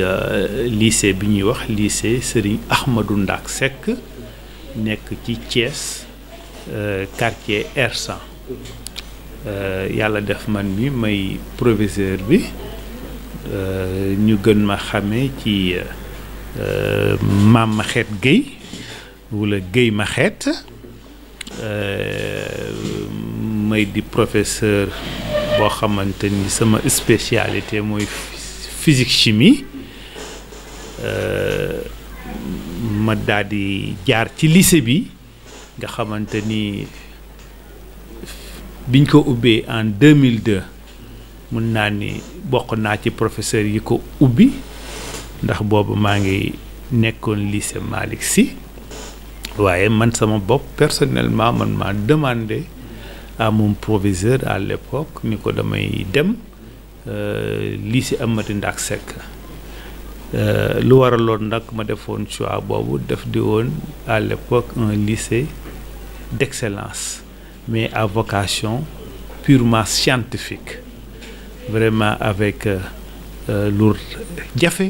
Euh, ci bi ñuy wax lycée Serigne Ahmadou Ndak Seck nekk ci Thiès euh, quartier R100 euh, yàlla def man mi may proviseur bi ñu gën ma xamee ci maam Maxeet Guèye wala Guèye Maxeet may di professeur boo xamante ni sama spécialité mooy physique chimie Euh, ma daal di jaar ci lycée bi nga xamante ni biñ ko ubbee en 2002 mun naa ni bokk naa ci professeur yi ko ubbi ndax boobu maa ngi nekkoon lycée Malick Sy waaye man sama bopp personnellement man maa demande à proviseur à l'époque ni ko damay dem euh, lycée Amary ak Seck Euh, lu waraloon nag ma defoon choix boobu def di woon à l'époque un lycée d'excellence mais à vocation purement scientifique vraiment avec euh, euh, lu jafe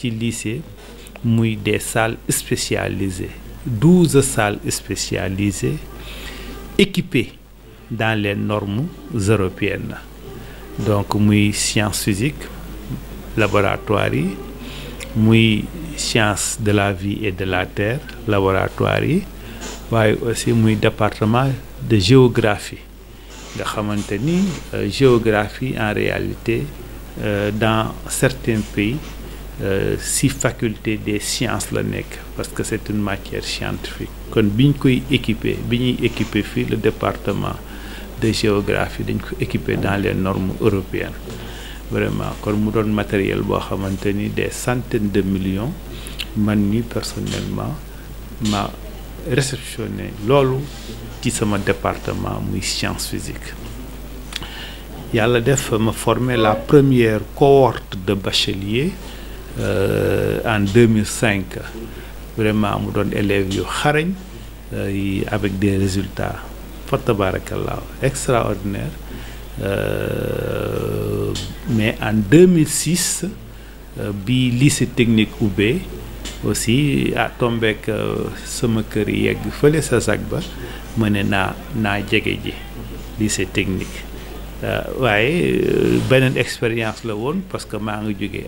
ci lycée muy des salles spécialisées douze salles spécialisées équipées dans les normes européennes donc muy sciences physiques laboratoire yi muy science de la vie et de la terre laboratoire yi waaye aussi muy département de géographie nga xamante ni euh, géographie en réalité euh, dans certains pays euh, si faculté des sciences la nekk parce que c'est une matière scientifique kon bi ñu koy équiper bi ñuy équiper fii le département de géographie dañ ko équiper dans les normes européennes vraiment kon mu doon matériel boo xamante ni des centaines de million man mi personnellement ma réceptionné loolu ci sama département muy science physique yàlla def ma formé la première cohorte de bachelier euh, en 2005 vraiment mu doon élèves yu xarañ euh, yi avec des résultats fa tabarakallah extraordinaire euh, mais en 2006 euh, bi lycée technique ubbee aussi ah tombeek euh, sama kër yegg fële sa sag ba ma ne naa naa jege ji lycée technique euh, waaye beneen expérience la woon parce que maa ngi jógee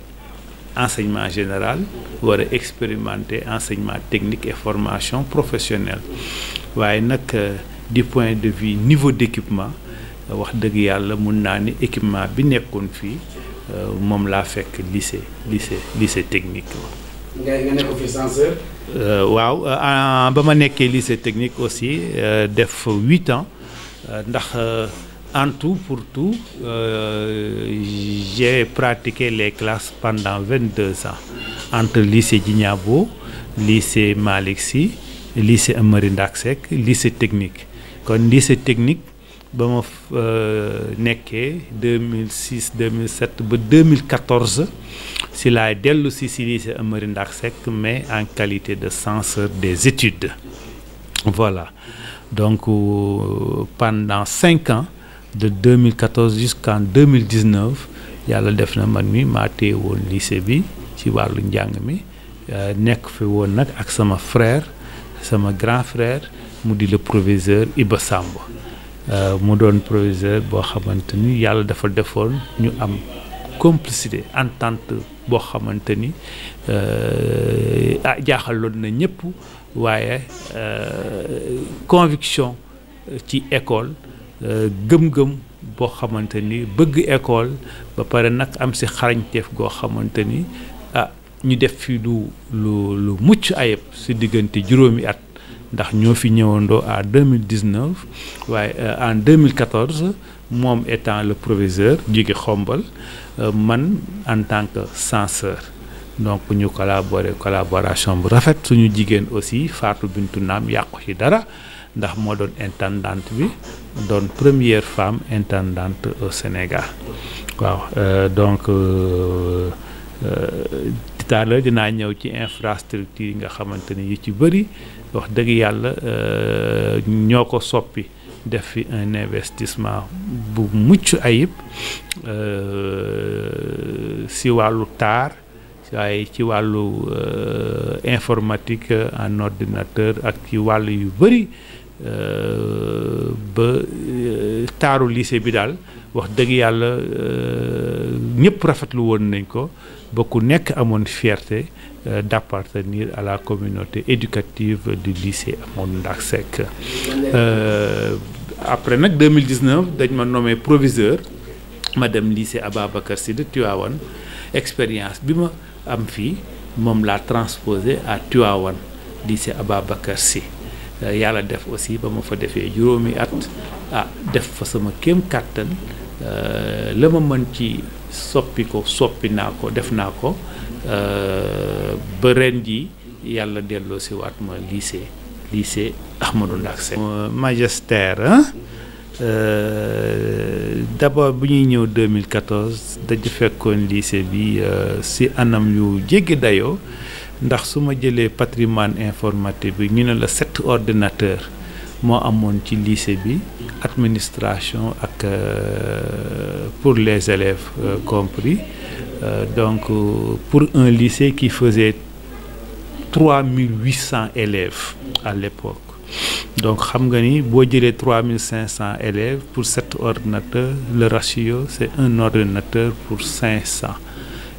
enseignement général war a expérimenter enseignement technique et formation professionnelle waaye nag du point de vue niveau d'équipement wax dëgg yàlla mun naa ni équipement bi nekkoon fii euh, moom laa fekk lycée lycée lycée technique nga nekk fi euh, waaw euh, ba ma nekkee lycée technique aussi def huit ans ndax en tout pour tout j'ai pratiqué les classes pendant vingt deux ans entre lycée Djignabo lycée Malick Sy lycée Amary Ndack Seck lycée technique kon lycée technique ba ma euh, nekkee 2006 2007 ba 2014 si laay dellu si si lycée Amary ndax Seck mais en qualité de censeur des études voilà donc euh, pendant cinq ans de 2014 jusqu'en 2019 yàlla def na man mi maa téye woon lycée bi ci wàllu njàng mi euh, nekk fi woon nag ak sama frère sama grand frère mu di le proviseur Iba Samb Euh, mu doon proviseur boo xamante ni yàlla dafa defoon ñu am complicité entente boo xamante ni euh, ah jaaxaloon na ñëpp waaye euh, conviction ci école gëm-gëm boo xamante ni bëgg école ba pare nag am si xarañteef goo xamante ni ah ñu def fi lu lu lu mucc ayib si diggante juróomi at ndax ñoo fi ñëwandoo à 2019 waaye euh, en 2014 moom étant le proviseur jóge xombal euh, man en tant que censeur donc ñu collaboré collaboration bu rafet suñu jigéen aussi Fatou Bintou Naam yàqu ci dara ndax moo doon intendante bi doon première femme intendante au Sénégal waaw euh, donc tout à dinaa ñëw ci infrastructure yi nga xamante ni yu ci bëri wax dëgg yàlla euh, ñoo ko soppi def fi un investissement bu mucc ayib euh, si wàllu taar waaye ci wàllu euh, informatique en ordinateur ak ci wàllu yu bëri ba taaru lycée bi daal wax dëgg yàlla ñëpp rafetlu woon nañ ko ba ku nekk amoon fierté Euh, d'appartenir à la communauté éducative du lycée Amadou Ndack Seck euh, après nag 2019 dañ ma nommé proviseur ma dem lycée Ababacar Sy de Tivaouane expérience bi ma am fii moom laa transposé à Tivaouane lycée Ababacar si euh, yàlla def aussi ba ma fa defee juróomi at ah def fa sama kéem kàttan la ma mën ci soppi ko soppi naa ko def naa ko Euh, ba ren ji yàlla delloo si waat ma lycée lycée Ahmadou Ndak Seck magistère euh, d'abord bu ñuy ñëw 2014 dañu fekkoon lycée bi euh, si anam yu jéggi dayoo ndax su ma jëlee patrimoine informatique bi ñu ne la sept ordinateur moo amoon ci lycée bi administration ak pour les élèves compris Euh, donc pour un lycée qui faisait 3800 élèves à l'époque donc xam nga ni boo jëlee 3500 élèves pour sept ordinateur le ratio c'est un ordinateur pour 500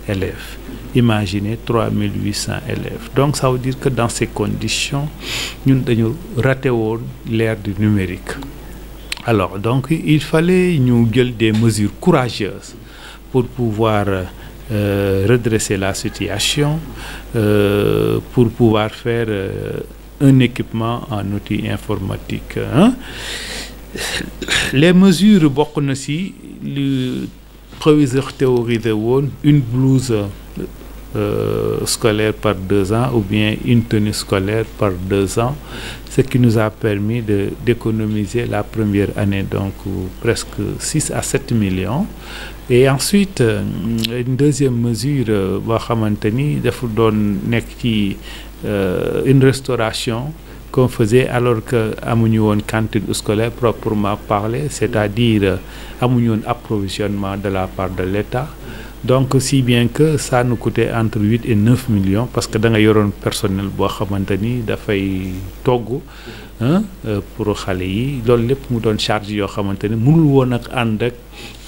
élèves imaginez 3800 élèves donc ça veut dire que dans ces conditions ñun dañu raté l'ère du numérique alors donc il fallait ñu jël des mesures courageuses pour pouvoir Euh, redresser la situation euh, pour pouvoir faire euh, un équipement en outil informatique hein? les mesures bokk na ci lu proviseur théorisé woon une blouse euh, scolaire par deux ans ou bien une tenue scolaire par deux ans ce qui nous a permis de d'économiser la première année donc presque six à sept millions et ensuite euh, une deuxième mesure euh, boo xamante ni dafa doon nekk ci euh, une restauration qu'on alors que amuñu woon cantine scolaire proprement parler c'est-à-dire amuñu woon approvisionnement de la part de l'État donc si bien que ça nous entre huit et neuf millions parce que da yoroon personnel boo xamante ni dafay togg Euh, pour xale yi loolu lépp mu doon charge yoo xamante ne mënul woon ak ànd ak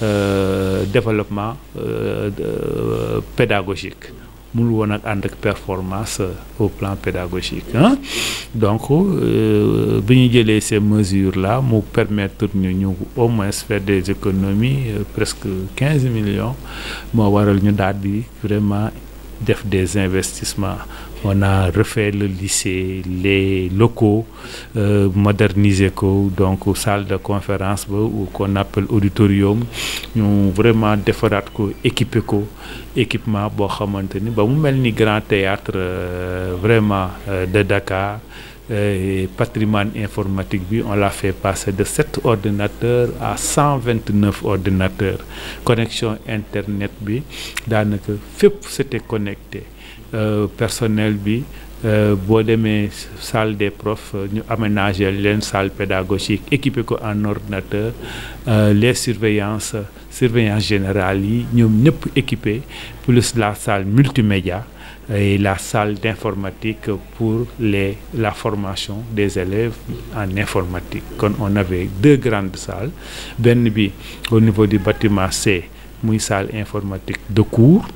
euh, développement euh, pédagogique mënul woon ak ànd ak performance au plan pédagogique ah donc bi ñu jëlee ces mesure la mu permettre ñu ñu au moins faire des économies presque quinze millions moo waral ñu daal di vraiment def des investissements on a refait le lycée les locaux euh, modernisé ko donc salle de conférence ba qu'on appelle auditorium ñu vraiment defaraat ko équipé ko équipement boo xamante ni ba mu mel ni grand théâtre euh, vraiment euh, de Dakar euh, et patrimoine informatique bi on l'a fait passer de sept ordinateurs à cent vingt neuf ordinateurs connexion internet bi daanaka fépp c'était connecté Euh, personnel bi euh, boo demee salle des profs euh, ñu aménager leen salle pédagogique équipé ko en ordinateur les surveillances surveillance générale yi ñoom ñëpp équipé plus la salle multimédia et la salle d'informatique pour les la formation des élèves en informatique kon on avait deux grandes salles benn bi au niveau du bâtiment C muy salle informatique de cours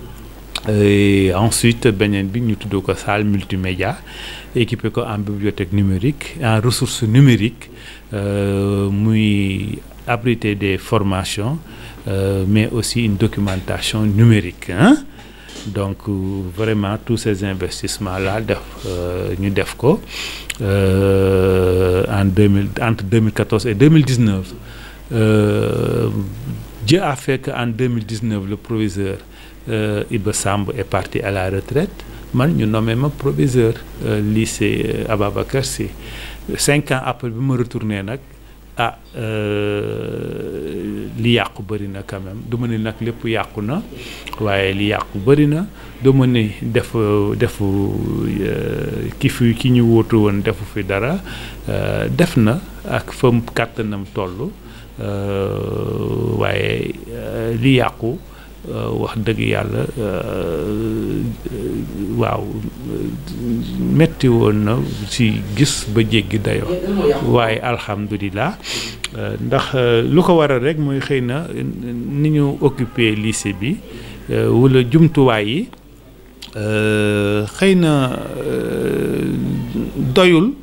Et euh, ensuite beneen bi ñu tudd ko salle multimédia équipé ko en bibliothèque numérique en ressources numériques euh, muy abriter des formations euh, mais aussi une documentation numérique hein? donc vraiment tous ces investissements là def euh, ñu def ko euh, en 2000 entre 2014 et 2019 euh, Dieu a fait que en 2019 le proviseur Euh, Iba Samb et parti à la retraite man ñu nomee ma proviseur euh, lycée euh, Ababacar Sy cinq ans après bi ma retourné nag ah li yàqu bëri na quand même du ma ni nag lépp yàqu na waaye li yàqu bëri na du ma ni def defu ki fi ki ñu wootu woon defu fi dara def na ak fa kàttanam toll waaye li yàqu Euh, wax dëgg yàlla euh, waaw metti woon na ci gis ba jéggi dayoo waaye alhamdulilah euh, ndax lu ko waral rek mooy xëy na ni ñu occupé lycée bi wala jumtuwaay yi xëy na doyul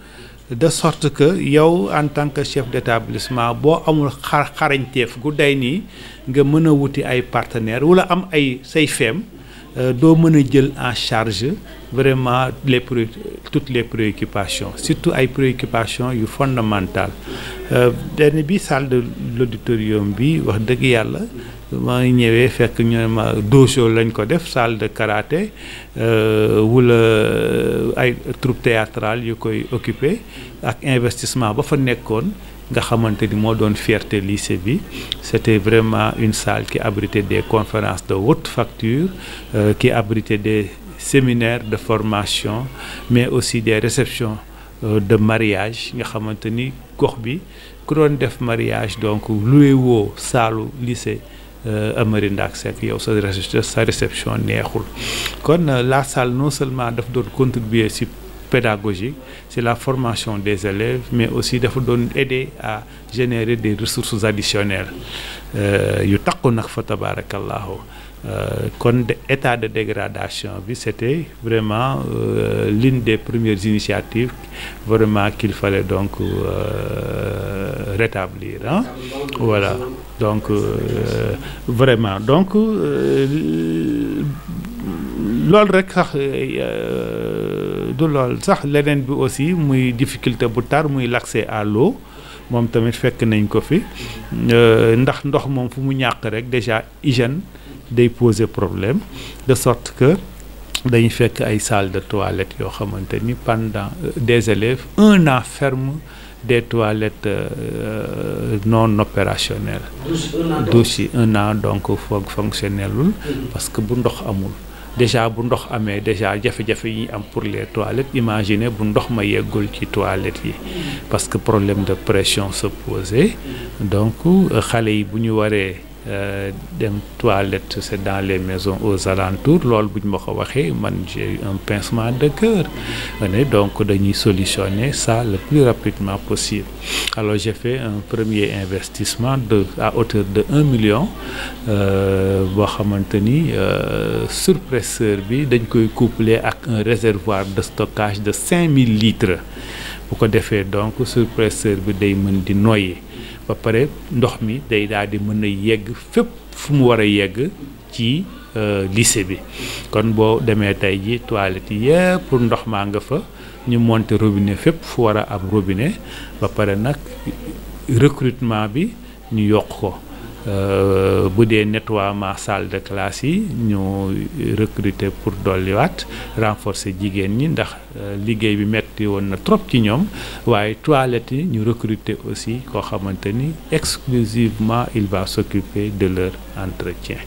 de sorte que yow en tant que chef d'établissement boo amul xar xarañteef gu day nii nga mën a wuti ay partenaires wala am ay say feem euh, doo mën a jël en charge vraiment les pré toutes les préoccupations surtout ay préoccupations yu fondamentales euh, benn bi salle de l'auditorium bi wax dëgg yàlla maa ngi ñëwee fekk ñu ne ma dojo lañ ko def salle de karaté euh, wala ay troupe théâtrale yu koy occupé ak investissement ba fa nekkoon nga xamante ni moo doon fierté lycée bi c'était vraiment une salle qui abritait des conférence de haute facture euh, qui abritait des séminaires de formation mais aussi des réceptions euh, de mariage nga xamante ni gox bi ku doon def mariage donc loué woo saalu lycée euh, Amary Ndack Seck yow sa sa réception neexul kon euh, la salle non seulement daf doon contribuer si pédagogique c'est la formation des élèves mais aussi dafa doon aider à générer des ressources additionnelles euh, yu takku nag fa tabarakallahu euh, kon état de dégradation bi c'était vraiment euh, l'une des premières initiatives vraiment qu'il fallait donc euh, rétablir hein voilà donc euh, vraiment donc loolu rek sax euh, du lool sax leneen bi aussi muy difficulté bu tar muy l'accès à l'eau moom tamit fekk nañ ko fi euh, ndax ndox moom fu mu ñàkk rek déjà hygiène day poser problème de sorte que dañu fekk ay salle de toilette yoo xamante ni pendant euh, des élèves un an ferme des toilettes euh, non opérationnelles douche un an donc foog fonctionnelul parce que bu ndox amul déjà bu ndox amee déjà jafe-jafe yi am pour les toilettes imaginez bu ndox ma yeggul ci toilettes yi parce que problème de pression se posait donc euh, xale yi bu ñu waree Euh, dem toilette c'est dans les maisons aux alentours lool bu ñu ma ko waxee man j'ai un pincement de cœur donc dañuy solutionner ça le plus rapidement possible alors j'ai fait un premier investissement de à hauteur de un million euh, boo xamante ni euh, surpresseur bi dañ koy couplé ak un réservoir de stockage de cinq mille litres bu ko defee donc surpresseur bi day mën di noyyi ba pare ndox mi tey daal di mën a yegg fépp fu mu war a yegg ci euh, lycée bi kon boo demee tey ji toilette yëpp pour ndox maa nga fa ñu monter robinet fépp fu war a am robinet ba pare nag recrutement bi ñu yokk ko Euh, bu dee nettoiement salle de classe yi ñu recruter pour dolliwaat renforcer jigéen ñi ndax euh, liggéey bi metti woon na trop ci ñoom waaye toilettes yi ñu recruter aussi koo xamante ni exclusivement il va s'occuper de leur entretien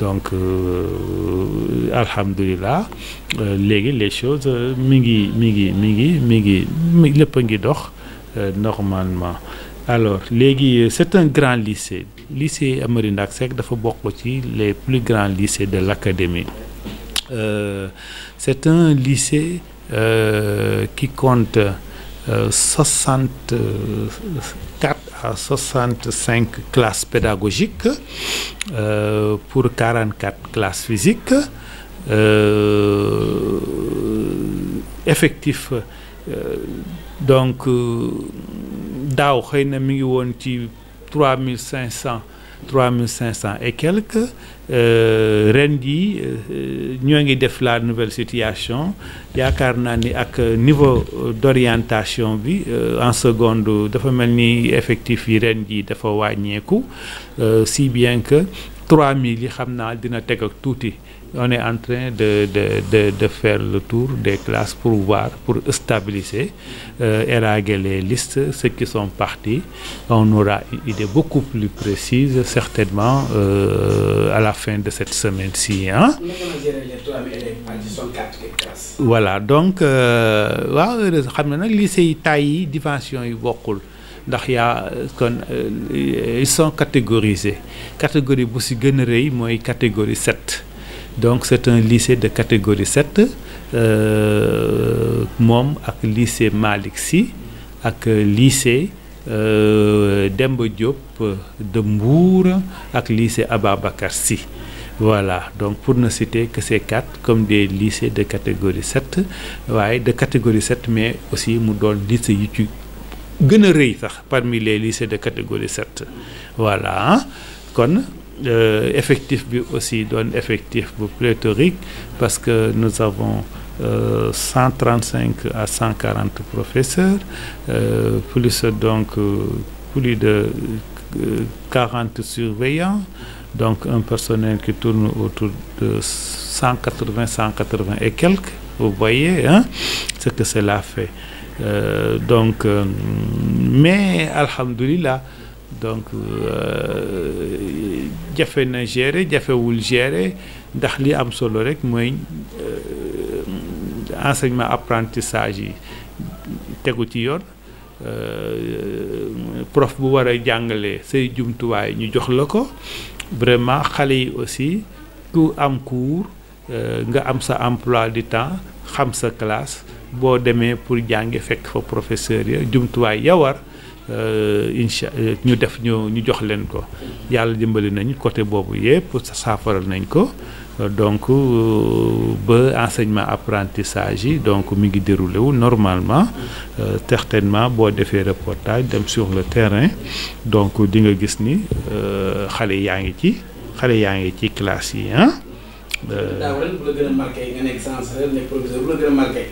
donc euh, alhamdulilah léegi les choses mi ngi mi ngi mi ngi mi ngi lépp a ngi dox normalement alors léegi euh, c'est un grand lycée lycée Amary Ndack Seck dafa bokk ci les plus grands lycées de l'académie euh, c'est un lycée euh, compte euh, à soixante cinq classes pédagogiques euh, pour quarante quatre classes physiques euh, effectif donc. daaw xëy na mi ngi woon ci trois mille cinq cent trois mille cinq cent et quelques euh, ren jii euh, ñoo ngi def la nouvelle situation yaakaar naa ni ak niveau d'orientation bi euh, en seconde dafa mel ni effectif yi ren jii dafa wàññeeku si bien que trois mille yi xam naa dina teg ak tuuti. on est en train de de de de faire le tour des classes pour voir pour stabiliser euh, élaguer les listes ceux qui sont partis on aura une idée beaucoup plus précise certainement euh, à la fin de cette semaine-ci voilà donc euh, waaw xam na nag li yi taille yi dimension yi bokkul ndax yaa kon euh, ils sont catégorisés catégorie bu si gën a rëy mooy catégorie 7 donc c'est un lycée de catégorie 7 euh, moom ak lycée Malick si ak lycée euh, Demba Diop de Mbour ak lycée Ababacar si voilà donc pour ne citer que ces quatre comme des lycées de catégorie 7 waaye de catégorie 7 mais aussi mu doon lycée yu ci gën a rëy sax parmi les lycées de catégorie 7 voilà kon. Euh, effectif bi aussi donne effectif bu pléthorique parce que nous avons euh, cent trente cinq à cent quarante professeurs euh, plus donc plus de quarante surveillants donc un personnel qui tourne autour de cent quatre vingt cent quatre vingt et quelques vous voyez hein ce que cela fait donc mais alhamdulilah donc euh, jafe na gérer jafewul gérer ndax li am solo rek mooy euh, enseignement apprentissage yi tegu ci yoon euh, prof bu war a jàngalee say jumtuwaay ñu jox la ko vraiment xale yi aussi ku am cours nga am sa emploi du temps xam sa classe boo demee pour jànge fekk fa professeur ya jumtuwaay yawar Euh, incha euh, ñu def ñu ñu jox leen ko yàlla dimbali nañu côté boobu yëpp saafaral nañ ko euh, donc ba enseignement apprentissage yi donc mi ngi déroulé wu normalement certainement boo defee reportage dem sur le terrain donc dinga gis ni xale yaa ngi ci xale yaa ngi ci classe yi ah. daaw bu la gën a marqué nga nekk censeur nekk proviseur bu la gën a marqué.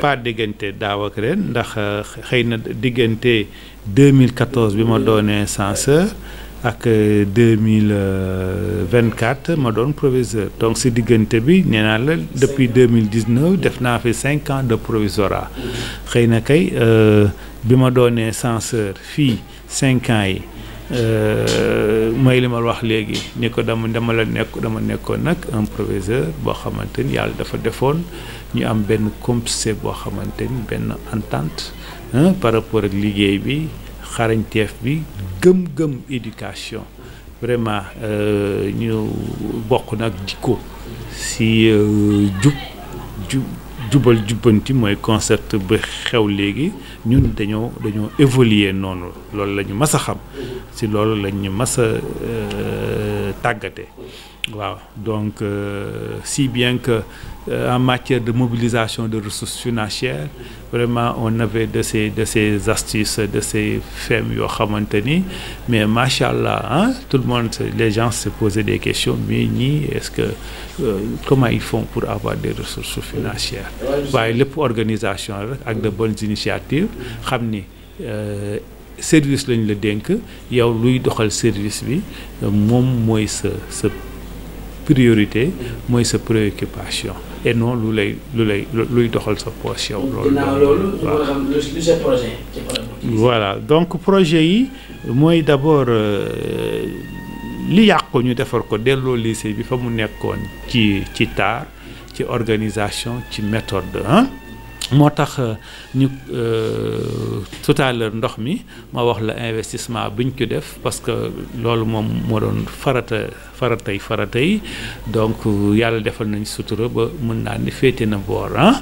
pas diggante daaw ak ren ndax euh, xëy na diggante 2014 bi ma doonee censeur ak 2024 euh, ma doon proviseur donc si diggante bi nee naa la depuis 2019 def naa fi cinq ans de provisorat mm-hmm. xëy na kay euh, bi ma doonee censeur fii cinq ans yi Euh, may li ma wax léegi ni ko dama dama la nekk dama nekkoon nag un proviseur boo xamante ni yàlla dafa defoon ñu am benn complicé boo xamante ni benn entente par rapport ak liggéey bi xarañteef bi gëm-gëm éducation vraiment euh, ñu bokk nag jikko si euh, jub jub jubal jubbanti mooy concept ba xew léegi ñun dañoo dañoo évoluer noonu loolu la ñu mas a xam si loolu la ñu mas a euh, tàggate waaw donc euh, si bien que euh, en matière de mobilisation de ressources financières vraiment on avait de ces de ces astuces de ces femmes yoo xamante ni mais macha allah ah tout le monde les gens se posaient des question mais ñii est-ce que euh, comment ils font pour avoir des ressources financières waaye lépp organisation rek ak de bonnes initiatives xam ni. Euh, service lañ la dénk yow luy doxal service bi moom mooy sa sa priorité mooy sa préoccupation et non lu lay lu lay luy doxal sa poche yow. loolu voilà donc projet yi mooy d'abord euh, li yàq ko ñu defar ko delloo lycée bi fa mu nekkoon ci ci taar ci organisation ci méthode ah. moo tax euh, ñu euh, tout à ndox mi ma wax la investissement buñ ñu ko def parce que loolu moom moo doon farata faratay faratay donc euh, yàlla defal nañ sutura ba mën naa ni féete na boor ah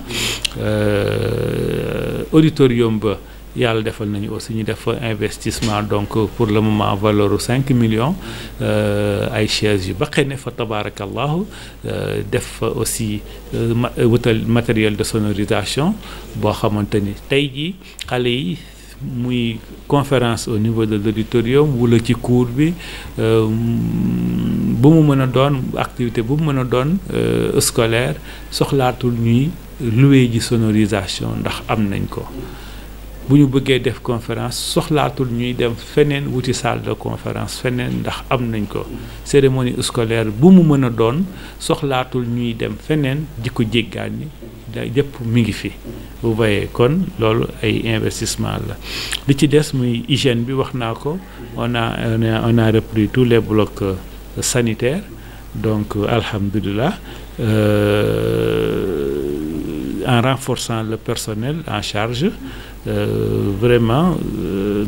auditorium ba yàlla defal nañu aussi ñu def fa investissement donc pour le moment valeur cinq millions euh, ay chaises yu baqee ne fa tabarakallahu euh, def fa aussi euh, wutal matériel de sonorisation boo xamante ni tey jii xale yi muy conférence au niveau de l'auditorium wala ci cours bi bu mu mën a doon activité bu mu mën a doon scolaire soxlaatul ñuy louer ji sonorisation ndax am nañ ko bu ñu bëggee def conférence soxlaatul ñuy dem feneen wuti salle de conférence feneen ndax am nañ ko cérémonie scolaire bu mu mën a doon soxlaatul ñuy dem feneen di ko jéggaan ni mi ngi fi vous voyez kon loolu ay investissement la li ci des muy hygiène bi wax naa ko on a on a repris tous les blocs euh, sanitaires donc euh, alhamdulilah euh, en renforçant le personnel en charge Euh, vraiment euh,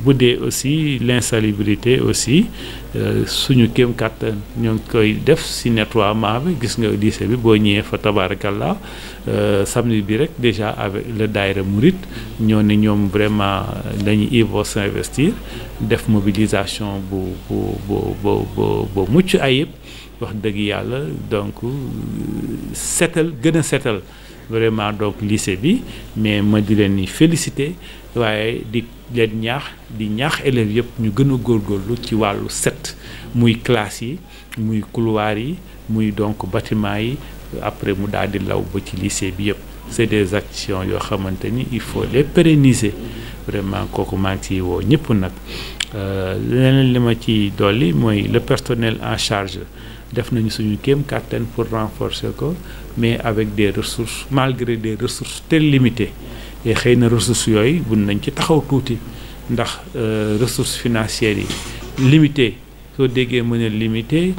bu dee aussi l'insalubrité aussi euh, suñu kéem kàttan ñoo koy def si nettoiement bi gis nga lycée bi boo ñëwee fa tabarakallah samedi bi rek déjà avec le daayira Murit ñoo ne ñoom vraiment dañuy ivo s'investir def mobilisation bu bu bu bu mucc ayib wax dëgg yàlla donc setal gën a setal vraiment donc lycée bi mais ma di leen ni félicité waaye di leen ñaax di ñaax élèves yëpp ñu gën a góorgóorlu ci wàllu set muy classe yi muy couloir yi muy donc bâtiment yi après mu daal di law ba ci lycée bi yëpp c'est des actions yoo xamante ni il faut les pérenniser vraiment kooku maa ngi ciy woo ñëpp nag Euh, leneen li ma ci dolli mooy le personnel en charge def nañu suñu kéem kàttan pour renforcer ko mais avec des ressources malgré des ressources très limitées xëy na ressources yooyu bun nañ ci taxaw tuuti ndax euh, ressources financières yi limitées soo déggee mën a limité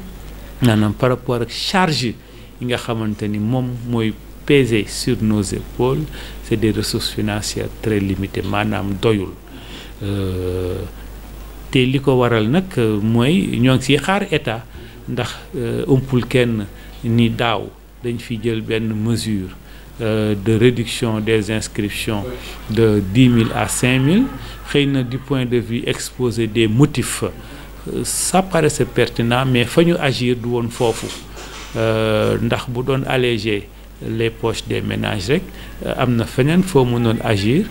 maanaam par rapport ak charge yi nga xamante ni moom mooy peser sur nos épaules c'est des ressources financières très limitées maanaam doyul euh, te li ko waral nag euh, mooy ñoo ngi siy xaar état ndax ëmpul euh, kenn ni daaw dañ fi jël benn mesure euh, de réduction des inscriptions de dix mille à cinq mille xëy na du point de vue exposé des motifs ça paraissait pertinent mais fa ñu agir du woon foofu ndax bu doon allégé les poches des ménages rek am na feneen foo mënoon agir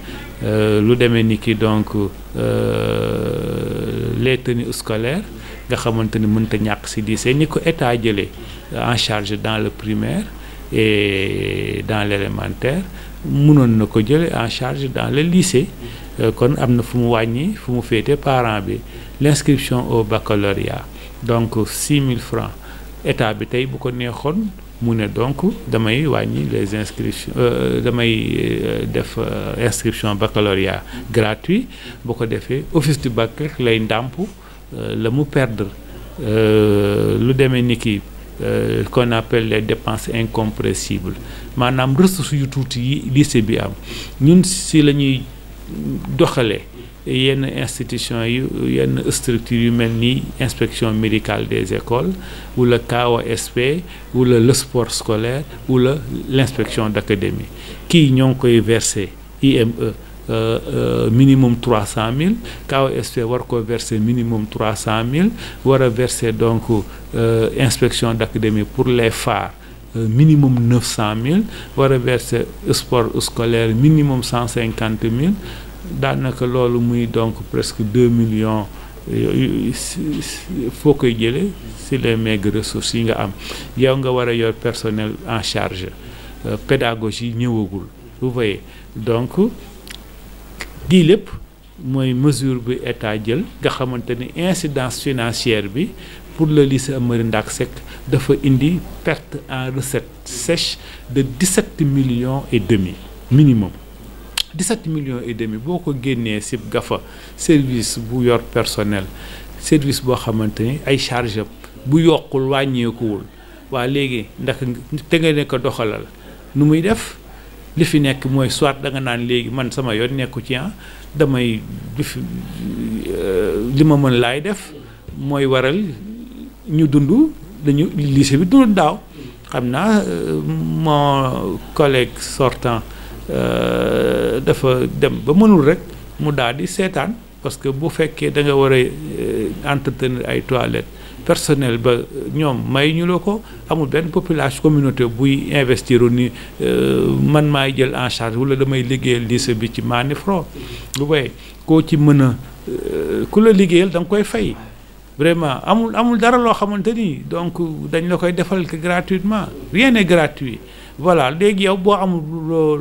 lu demee ni ki donc. les tenues scolaires nga xamante ni mënta ñàkk si lycée ni ko état jëlee en charge dans le primaire et dans l' élémentaire mënoon na ko jële en charge dans le lycée euh, kon am na fu mu wàññi fu mu féete parent bi l' inscription au baccalauréat donc mille francs état bi tey bu ko neexoon mu ne donc damay wàññi les inscriptions euh, damay euh, def euh, inscription baccalauréat gratuit boo ko defee office du bac lay ndàmp la mu perdre lu demee ni ki qu'on appelle les dépenses incompressibles maanaam ressources yu tuuti yi lycée bi am ñun si la ñuy doxalee yenn institution yu yenn structure yu mel nii inspection médicale des écoles wala KOSP wala le sport scolaire wala l'inspection d'académie kii ñoo ngi koy verser IME Euh, euh, minimum trois cent mille KOSP war ko verser minimum trois cent mille war a verser donc euh, inspection d'académie pour les phares euh, minimum neuf cent mille war a verser sport scolaire minimum cent cinquante mille daanaka loolu muy donc presque deux millions foo koy jëlee si les maigres ressources yi nga am yow nga war a yor personnel en charge euh, pédagogie ñëwagul vous voyez donc di lépp mooy mesure bi état jël nga xamante ni incidence financière bi pour le lycée Amary Ndack Seck dafa indi perte en recette sèche de 17 millions et demi minimum 17 millions et demi boo ko génnee si gafa service bu yor personnel service boo xamante ni ay charge bu yokkul wàññeekuwul waa léegi ndax te nga ne ko doxalal nu muy def li fi nekk mooy soit da nga naan léegi man sama yoon nekku ci ah damay euh, li ma mën laay def mooy waral ñu dund dañu lycée bi dund daaw xam naa euh, mon collègue sortant Euh, dafa dem ba mënul rek mu daal di seetaan parce que bu fekkee da nga war a euh, entretener ay toilettes personnel ba ñoom may ñu la ko amul benn population communauté buy investir ni euh, man maay jël en charge wala damay liggéeyal di bi ci maani franc lu bay koo ci mën a ku la liggéeyal da nga koy fay vraiment amul amul dara loo xamante ni donc dañ la koy defal gratuitement rien n'est gratuit voilà léegi yow boo amul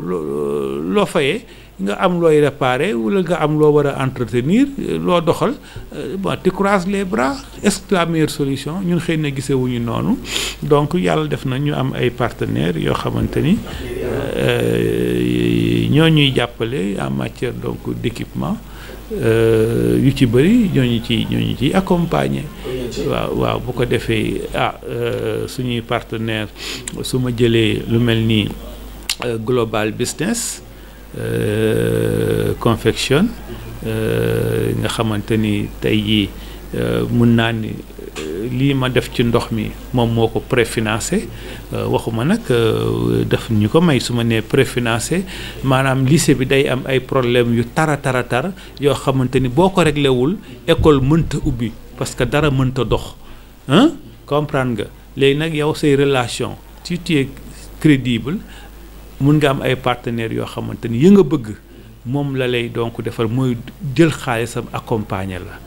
loo loo fayee nga am looy réparer wala nga am loo war a entretenir loo doxal euh, bon tu les bras est solution ñun xëy na wuñu noonu donc yàlla def na ñu am ay partenaires yoo xamante ni euh, euh, ñoo ñuy jàppale en matière donc d'équipement Euh, yu ci bëri ñooñu ci ñooñu ciy accompagner waaw waaw bu ko defee ah euh, suñuy partenaire su ma jëlee lu mel ni euh, global business confection nga xamante ni tey jii mun naa ni lii ma def ci ndox mi moom moo ko préfinancé euh, waxuma nag euh, daf ñu ko may su ma nee préfinancé maanaam lycée bi day am ay problème yu tara tara tar yoo xamante ni boo ko réglé wul école mënta ubbi parce que dara mënta dox ah comprendre nga léegi nag yow say relation si tu es crédible mun nga am ay partenaires yoo xamante ni yi nga bëgg moom la lay donc defal mooy jël xaalisam accompagner la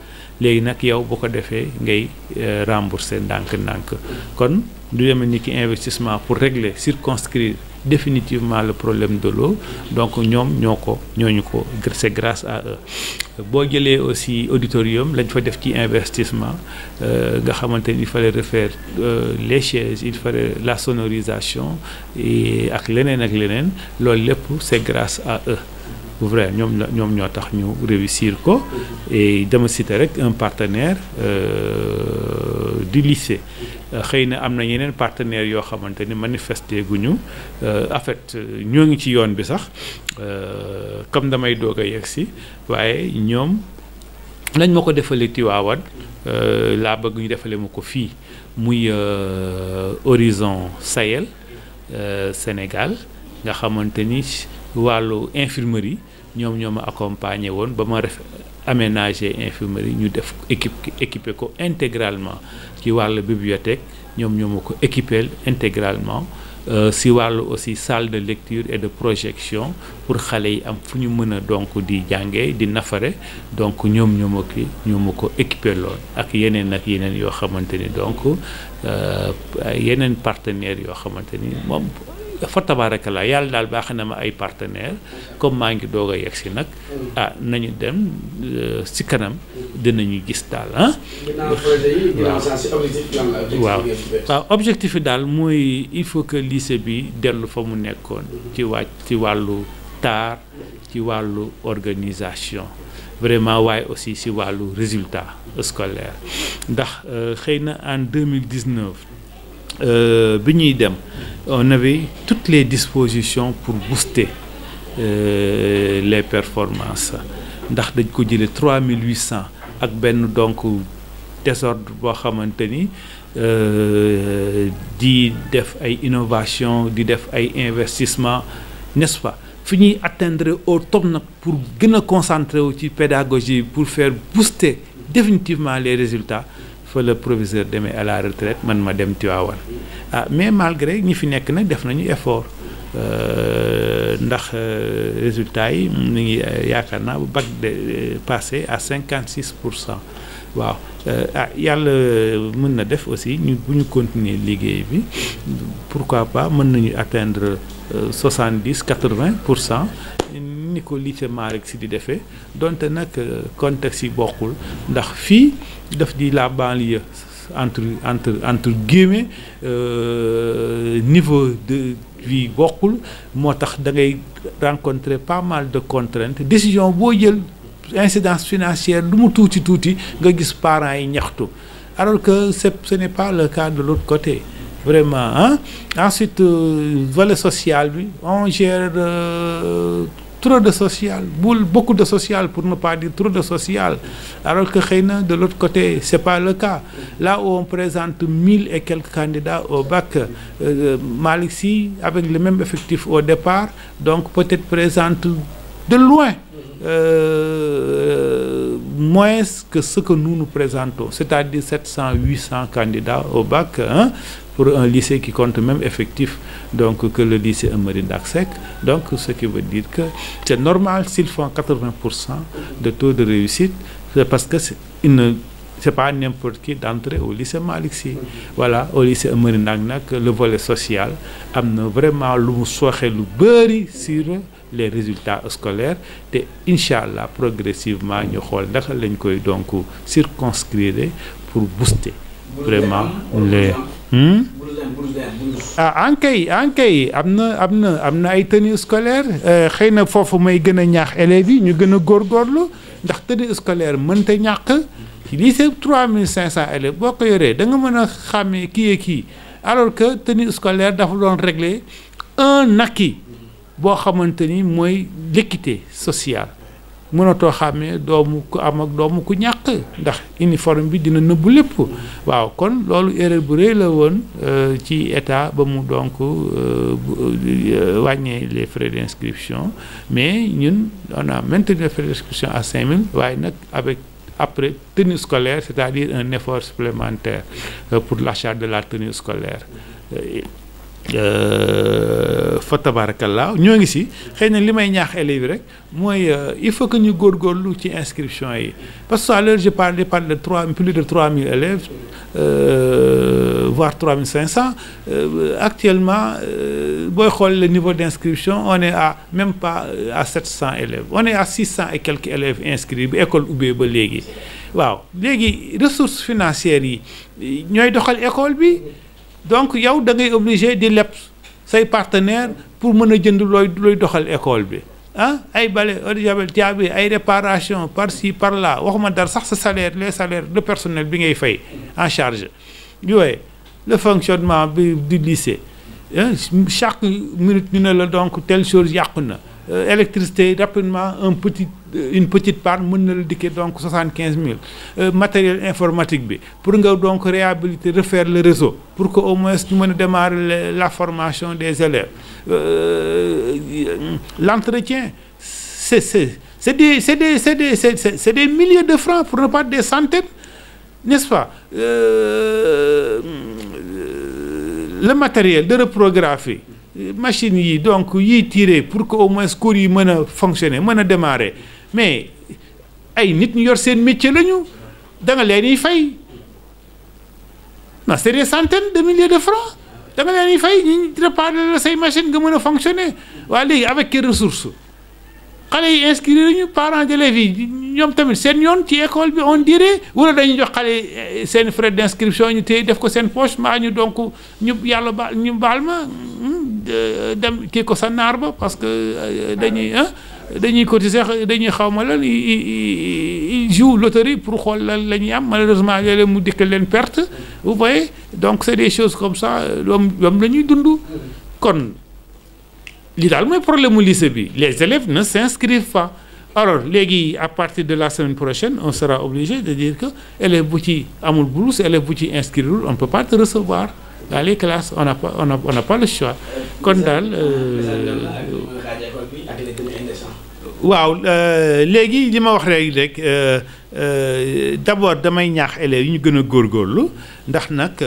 léegi nag yow bu ko defee ngay euh, rembourser ndànk-ndànk kon du yeme ni ki investissement pour régler circonscrire définitivement le problème de l'eau donc ñoom ñoo ko ñooñu ko c'est grâce à eux boo jëlee aussi auditorium lañu fa def ci investissement euh, nga xamante ni il fallait refaire euh, les chaises il fallait la sonorisation et ak leneen ak leneen loolu lépp c'est grâce à eux ouvrière ñoom la ñoom ñoo tax ñu réussir ko et dama citer rek un partenaire euh, du lycée xëy na am na ñeneen partenaires yoo xamante ni manifesté guñu euh, en fait ñoo ngi ci yoon bi sax euh, comme damay doog a yegg si waaye ñoom lañ ma ko defalee Tiwaawan laa bëgg ñu defalee mu ko fii muy Horizon Sahel Sénégal nga xamante ni wàllu infirmerie ñoom ñoo ma accompagner woon ba ma ref aménager infirmerie ñu def équipe équipé ko intégralement ci wàllu bibliothèque ñoom ñoo ko équipé intégralement euh, si wàllu aussi salle de lecture et de projection pour xale yi am fu ñu mën a donc di jàngee di nafare donc ñoom ñoo ma ki ñoo ko équipé lool ak yeneen ak yeneen yoo xamante ni donc euh, yeneen partenaires yoo xamante ni moom fa tabaaraka la yàlla daal baax na ma ay partenaires comme maa ngi doog a yegg si nag ah nañu dem euh, si kanam dinañu gis daal ah. waaw objectif yi daal mooy il faut que lise bi dellu fa mu nekkoon ci wàcc ci wàllu taar ci wàllu organisation vraiment waaye aussi si wàllu résultat scolaire ndax euh, xëy na en 2019 Euh, bi ñuy dem on avait toutes les dispositions pour booster euh, les performances ndax dañ ko mille jëlee 3800 ak benn donc désordre boo xamante ni euh, di def ay innovation di def ay investissement n'est-ce fi ñuy atteindre au top nag pour gën a concentrer wu ci pédagogie pour fair booster définitivement les résultats fa la proviseur demee à la retraite man ma dem Tivaouane ah mais malgré ñi fi nekk nag def nañu effort euh, ndax euh, résultat yi mu ngi euh, yaakaar naa bu bac de passé à cinquante six pour cent waaw ah yàlla mën na def aussi ñu bu ñu continuer liggéey bi pourquoi pas mën nañu atteindre soixante dix quatre vingt pour cent. ni ko lycée Malick Sy di defee donte nag euh, contexte yi bokkul ndax fii def di la banlieue entre entre entre guillemets euh, niveau de vie bokkul moo tax da ngay rencontrer pas mal de contraintes décision boo jël incidence financière lu mu tuuti tuuti nga gis parents yi ñaxtu alors que c'est ce n'est pas le cas de l'autre côté vraiment hein ensuite euh, volet social bi on trop de social bul beaucoup de social pour ne pas dire trop de social alors que xëy na de l'autre côté c'est pas le cas là on présente mille et quelques candidats au bac euh, euh, Malick Sy avec le même effectif au départ donc peut-être présente de loin Euh, euh, moins que ce que nous nous présentons, c'est-à-dire 700, 800 candidats au bac hein, pour un lycée qui compte même effectif donc, que le lycée Emerine d'Arsec. Donc, ce qui veut dire que c'est normal s'ils font 80% de taux de réussite, c'est parce que c'est une c'est pas n'importe qui d'entrer au lycée Malick Sy voilà au lycée Emerine nag nag le volet social am na vraiment lu mu soxe lu bëri sur les résultats scolaires te incha allah progressivement ñu xool ndax lañ koy donc circonscrire pour booster vraiment les hmm? ah ankay ankay am na am na am na ay tenue scolaire euh, xëy na foofu may gën a ñaax élèves yi ñu gën a góor góorlu ndax tenue scolaire mënte ñàkk lycée cent élèves boo ko yoree da nga mën a xàmmee kii et kii alors que tenue scolaire dafa doon régler un acquis boo xamante ni mooy l'équité sociale mënatoo xàmmee doomu ku am ak doomu ku ñàkk ndax uniforme bi dina nëbbu lépp waaw kon loolu erreur bu rëy la woon euh, ci état ba mu donc euh, euh, wàññee les frais d'inscription mais ñun on a maintenu les frais d'inscription à 5000 waaye nag avec après tenue scolaire c'est-à-dire un effort supplémentaire pour l'achat de la tenue scolaire Euh, fa tabaarakallaa ñoo ngi si xëy na li may ñaax élèves yi rek mooy euh, il faut que ñu góor góorlu ci inscription yi parce que à l'heure j'ai parlé parle de trois de trois mille élèves euh, voire trois mille cinq cent actuellement booy xool le niveau d'inscription on est à même pas à sept cent élèves on est à six cent et quelques élèves inscrits bi école ubbee ba léegi waaw léegi ressources financières yi ñooy doxal école bi donc yow da ngay obligé di lepp say partenaire pour mën a jënd looy looy doxal école bi ah ay bale eau de ay réparation par ci par là waxuma dara sax sa salaire les salaires le personnel bi ngay fay en charge yooyu le fonctionnement bi du lycée eh, chaque minute ñu ne la donc telle chose yàqu na Euh, électricité rapidement un petit euh, une petite panne mën na la dikkee donc soixante quinze mille euh, matériel informatique bi pour nga donc réhabiliter refaire le réseau pour que au moins ñu mën a démarrer la formation des élèves l'entretien c'est c'est c'est des c'est des c'est des c'est des milliers de francs pour ne pas des centaines n'est-ce pas le matériel de reprographie machine yi donc yiy tiire pour que au moins cours yi mën a fonctionner mën a démarrer mais ay nit ñu yor seen métier lañu da nga leen di fay non c'est des centaines de milliers de francs da nga leen di fay ñu réparer la say machine nga mën a fonctionner waa léegi avec quelle ressource xale yi inscrire ñu parents d'élèves yi ñoom tamit seen yoon ci école bi on dirait wala dañuy jox xale yi eh, seen frais d'inscription ñu téye def ko seen poche maa ñu donc ñu yàlla baal ñu baal ma hmm, dem kii ko sa naar ba parce que euh, dañuy ah dañuy cotiser dañuy xaw ma lan joue loterie pour xool lan la ñuy am malheureusement léeg-léeg mu dikk leen perte vous voyez donc c'est des choses comme sax euh, loom loom la ñuy dund kon li daal mooy problème mu lycée bi les élèves ne s'inscrivent pas alors léegi à partir de la semaine prochaine on sera obligé de dire que élève bu ci amul bourse élève bu ci inscrirul on ne peut pas te recevoir dans les classes on n'a pas le choix kon daal euh, waaw euh, léegi li ma wax léegi rek euh, euh, d'abord damay ñaax élèves yi ñu gën a góorgóorlu ndax nag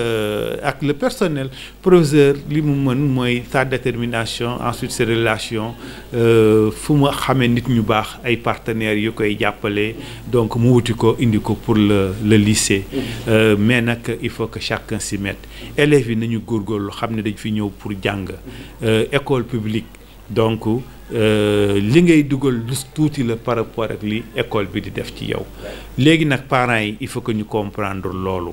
ak le personnel professeur li mu mën mooy sa détermination ensuite ses relations fu ma xamee nit ñu baax ay partenaires yu koy jàppale donc mu wuti ko indi ko pour le le lycée mm. mais nag il faut que chacun s'y mette élèves yi nañu góorgóorlu xam ne dañu fi ñëw pour jàng mm. école publique donc Euh, li ngay dugal lu tuuti la par rapport ak li école bi di def ci yow léegi nag parent yi il faut que ñu comprendre loolu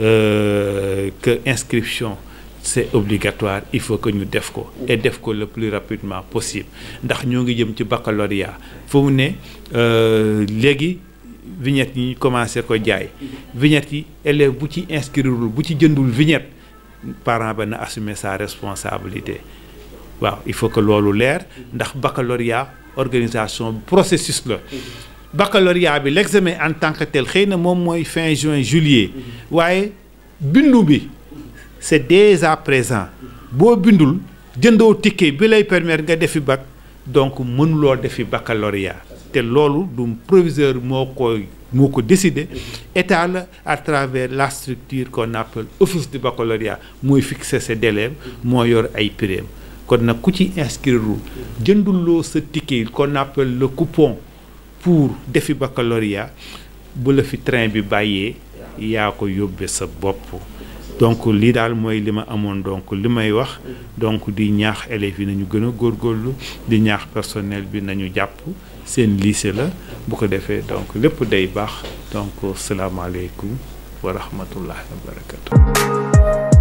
euh, que inscription c'est obligatoire il faut que ñu def ko et def ko le plus rapidement possible ndax ñoo ngi jëm ci baccalauréat fu mu ne euh, léegi vignette yi ñu commencé ko jaay vignette yi élève bu ci inscrire bu ci jëndul vignette parent ba na assumer sa responsabilité waaw il faut que loolu leer ndax baccalauréat organisation processus la baccalauréat bi l'examen en tant que tel xëy na moom mooy fin juin juillet waaye bindu bi c'est déjà présent boo bindul jëndoo ticket bi lay permettre nga defi bac donc mënuloo defi baccalauréat te loolu du proviseur moo koy moo ko décidé état la à travers la structure qu'on appelle office du baccalauréat mooy fixer ses délais moo yor ay prime kon nag ku ci inscrire jënduloo sa ticket kon appelle la coupon pour defi baccalauréat bu la fi train bi bàyyee yaa ko yóbbee sa bopp donc lii daal mooy lima amoon donc li may wax donc di ñaax élèves yi nañu gëna góor góorlu di ñaax personnel bi nañu jàpp seen lycée la bu ko defee donc lépp day baax donc salaamaaleykum wa rahmatullahi wa